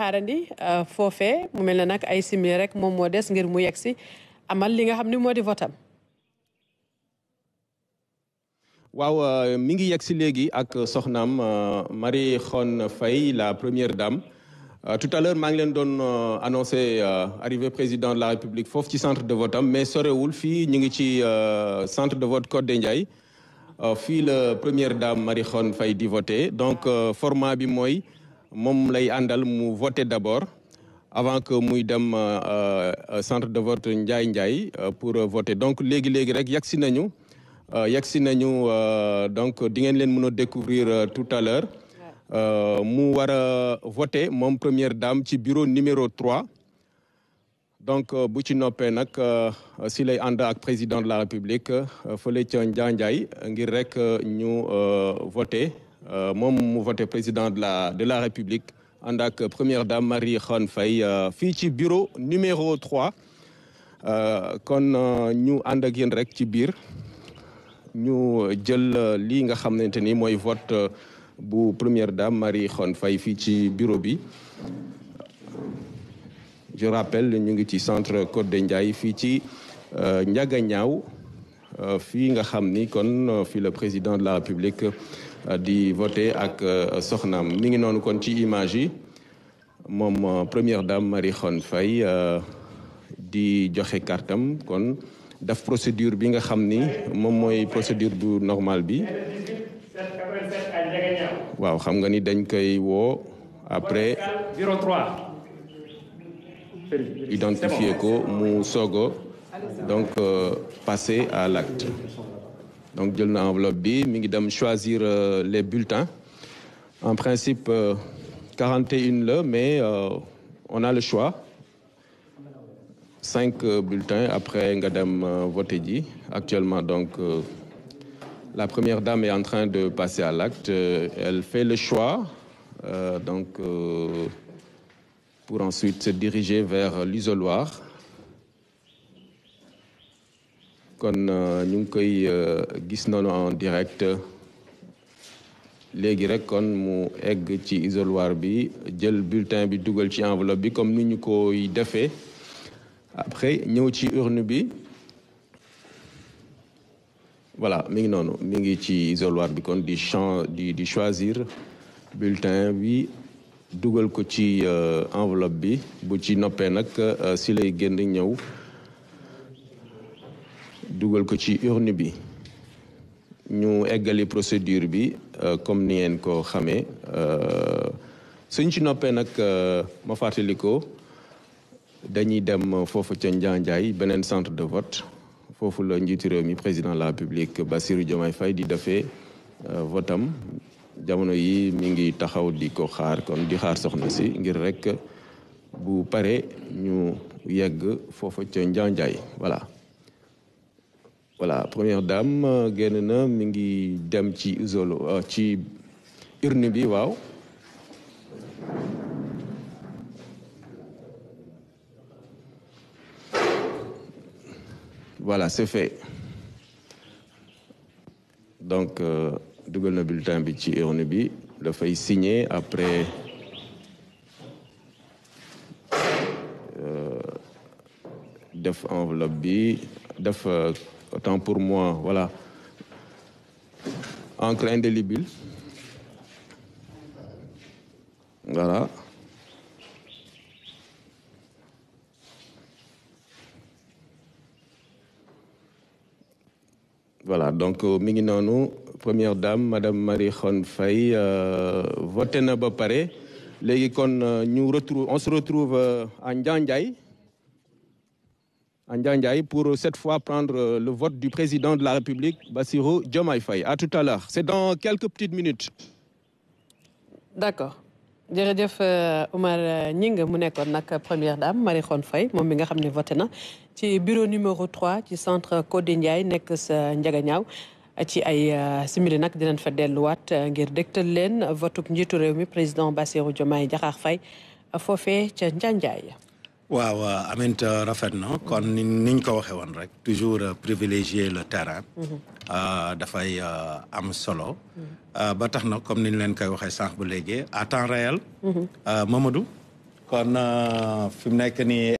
xaarandi euh, foofee mu mel ne nag ay simili rek moom moo des ngir mu yegg si amal li nga xam ni moo di votam waaw euh, mi ngi yegg si léegi ak euh, soxnaam mari Khone Faye la première dame tout à l'heure maa ngi leen doon annoncé arrivée président de la république foofu ci centre de vote am mais sorewul fii ñu ngi ci centre de vote Codé Ndiaye fii la première dame mari Khone Faye di voté donc format bi mooy moom lay àndal mu voté d' abord avant que muy dem euh, euh, centre de vote Ndiaye Ndiaye euh, pour voter donc léegi léegi rek yegg si nañu yegg si nañu donc di ngeen leen mën a découvrir tout à l'heure mu war a voter moom première dame ci bureau numéro 3 donc bu ci noppee nag si lay ànd ak président de la république fële ca Ndiaye ngir rek ñu voter Euh, moom mu voté président de la de la république ànd ak première dame Marie Khone Faye euh, fii ci bureau numéro 3 euh, kon ñu ànd ak yéen rek ci biir ñu jël lii nga xamante ni mooy vote bu première dame Marie Khone Faye fii ci bureau bi je rappelle ñu ngi ci centre côte Codé Ndiaye fii ci Ndiaga Niaw Euh, fii nga xam ni kon euh, fii le président de la république euh, di voté ak soxnaam mi ngi noonu kon ci image yi moom première dame Marie Khone Faye di joxe kartam kon daf procédure bi nga xam ni moom mooy procédure bu normal bi waaw xam nga ni dañ koy woo après identifier ko mu sogo donc euh, passer à l'acte donc jël na enveloppe bi mi ngi dem choisir euh, les bulletins en principe 41 euh, la mais on a le choix cinq bulletins après nga dem voté ji actuellement donc la première dame est en train de passer à l'acte elle fait le choix donc pour ensuite se diriger vers l'isoloir kon euh, ñu ngi koy euh, gis noonu en direct léegi rek kon mu egg ci isoloir bi jël bulletin bi dugal ci enveloppe bi comme ni ñu koy defee après ñëw ci urne bi voilà mi ngi noonu mi ngi ci isoloir bi kon di champ di di choisir bulletin bi dugal ko ci euh, enveloppe bi bu ci noppee nag si lay génn ñëw dugal ko ci urne bi ñu eggale procédure bi euh, comme ni ngeen ko xamee euh, suñ ci noppee nag euh, ma fàttali ko dañuy dem foofu ca Njaanjaay beneen centre de vote foofu la njiitu réew mi président de la République Bassirou Diomaye fay di defee am jamono yi mi ngi taxaw di ko xaar kon di xaar soxna si ngir rek bu pare ñu yegg foofa ca Njaanjaay voilà voilà première dame euh, génn na mi ngi dem ci isolo euh, ci urne bi waaw voilà c'est fait donc euh, dugal na bulletin bi ci urne bi dafay signe après def enveloppe bi def autant pour moi, voilà, encre indélébile. Voilà. Voilà, donc euh, mi ngi noonu première dame madame Marie Khone Faye euh, na ba pare léegi kon euh, ñu retrouve on se retrouve à Ndiandiaye Ndiaye pour euh, cette fois prendre euh, le vote du président de la République, Bassirou Diomaye Faye. À tout à l'heure. C'est dans quelques petites minutes. D'accord. jërëjëf euh, Oumar Gningue mu nekkoon nag première dame Marie Khone Faye moom mi nga xam ne vote na ci bureau numéro 3 ci centre Codé Ndiaye nekk sa Ndiaganiao ci ay simili nag dinañ fa delluwaat ngir dégtal leen votuk njitu réew mi président Bassirou Diomaye Diakhar Faye foofee ca Ndiandiaye waaw amint rafet na kon niñ ko waxee woon rek toujours euh, privilégier le terrain mm-hmm. euh, dafay euh, am solo mm-hmm. ba tax na comme niñ leen koy waxee sànq bu léegi à temps réel mm-hmm. Mamadou kon fi nekk nii